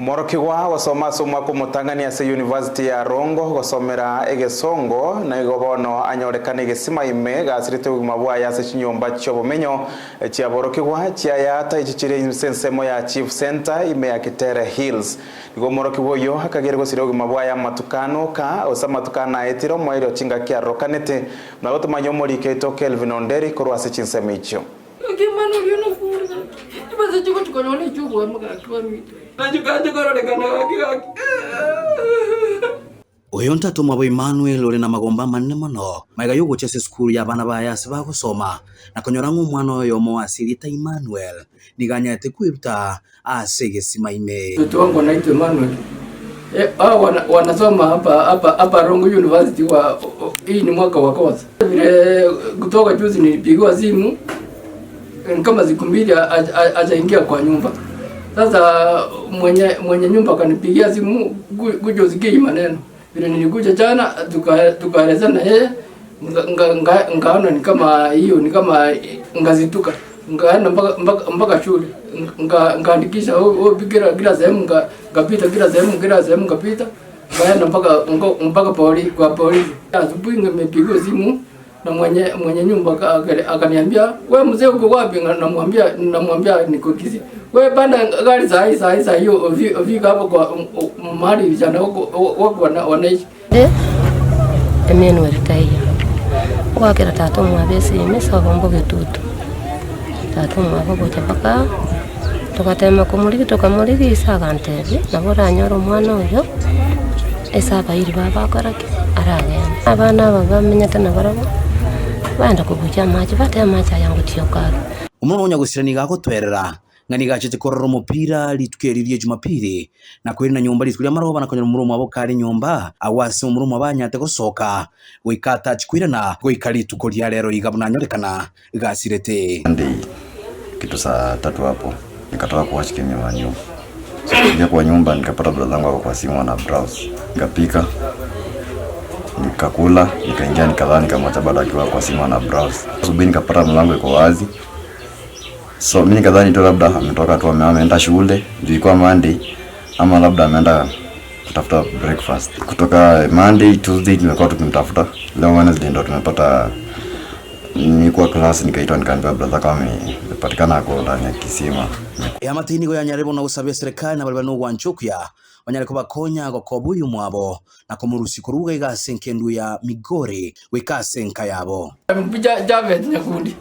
morokiwa gosoma ase omwaka omotang'ani ase university ya rongo gosomera egesongo naigo bono anyorekana egesima ime gasirete obogima bwaye ase chinyomba chiobomenyo chiaborokiwa chia chiayata echi chiri ase ensemo ya chief center ime ya kitere hills igo morokiwa oyo akagere gosira obogima bwaye amatukano ka ase amatukano aetire omwaire ochinga kiarokanete na gotumanya omorike kelvin onderi korwa ase chinsemo ichio ngimanulinofuza ibaze chiko uyu ntatumwa bo Emmanuel uri na magomba manene mono maiga yuguchese sukuru ya bana ba yasi ba gusoma na kunyora oyo uyu asiri ta Emmanuel niganyete kwiruta ase gisimaime mtoto wangu anaitwa Emmanuel eh, wana, wanasoma hapa hapa hapa Rongo University wa hii ni mwaka wa kwanza vile eh, kutoka juzi nilipigiwa simu Yaani kama siku mbili hajaingia kwa nyumba. Sasa mwenye mwenye nyumba akanipigia simu, kuja usikie maneno vile nilikuja jana, tukaeleza na yeye ngaona ni kama hiyo ni kama ngazituka ngaenda mpaka mpaka shule ngaandikisha oh, oh kila kila sehemu ngapita kila sehemu kila sehemu ngapita ngaenda mpaka mpaka poli kwa poli Asubuhi nimepigwa simu na mwenye mwenye nyumba akaniambia, we mzee, uko wapi? Namwambia namwambia niko Kisii. We panda gari za hizo hizo hiyo vika hapo kwa mahali vijana wako wanaishi Eh, Emmanuel kwa wakira tatu mwabesi mesa vomboge tutu tatu mwabogocha paka tukatema kumuligi tukamuligi isakantethi nabo nyoro mwana oyo esa abairi babakoraki aragenda abana aba na nabarabo banda kubuja machi amaji bate amaji ayangutiyo karu umuntu umunyagusirani gagutwerera ngani gacete korora umupira litweririe jumapili na kweri na nyumba litwira maro na kwenye murumu abo kari nyumba awasi umurumu abanyate soka goikata chikwira na tuko lya lero igabunanyorekana gasirete kitu saa tatu hapo nikatoka kuwash kenye wanyo nyumba so, kwa nyumba nikapata brother wangu kwa simu ana browse nikapika nikakula, nikaingia, nikalala, nikamwacha bado akiwa kwa simu na browse. Asubuhi nikapata mlango iko wazi, so mimi nikadhani tu labda ametoka tu ameenda shule juu ilikuwa Monday, ama labda ameenda kutafuta breakfast. Kutoka Monday, Tuesday tumekuwa tukimtafuta, leo Wednesday ndo tumepata nikuwa klasi nikaitwa nikaambiwa brother kama patikana ako ndani ya kisima ya matini ya nyarebo na usabia serikali na bali bano gwanchukia banyareko bakonya kwa kobuyu mwabo na kumurusi kuruga senke ndu ya migore wikasenka yabo javete nyakundi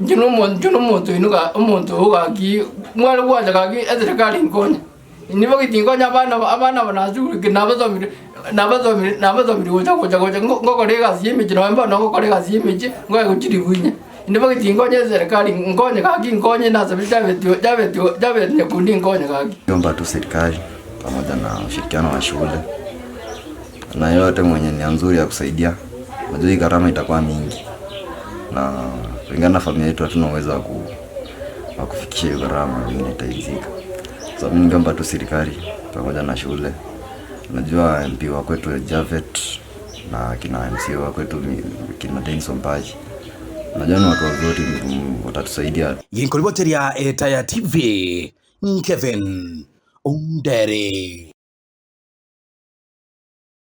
njuno omuntu inuga omuntu ugaki mwali gwanja gaki eserikali nkonya nibagitinkonya abana abana banazurike nabasomire nabazo nabazo biruja koja koja ngo kolega zimiji nomba no ngo kolega zimiji ngo ikuchiri kunye ndiba ngonye serikali ngonye kaki ngonye na sababu jabe jabe jabe ne kundi ngonye kaki naomba tu serikali pamoja na ushirikiano wa shule na yote mwenye nia nzuri ya kusaidia majuzi, gharama itakuwa mingi na kulingana na familia yetu hatuna uwezo wa ku wa kufikisha gharama, ingine itaizika. Sababu so, ningeomba tu serikali pamoja na shule Unajua MP wa kwetu Javet na kina MC wa kwetu kina Denson Paji unajua ni watu wazuri watatusaidia. Yinkoliboteria Etaya eh, TV, Kevin Undere.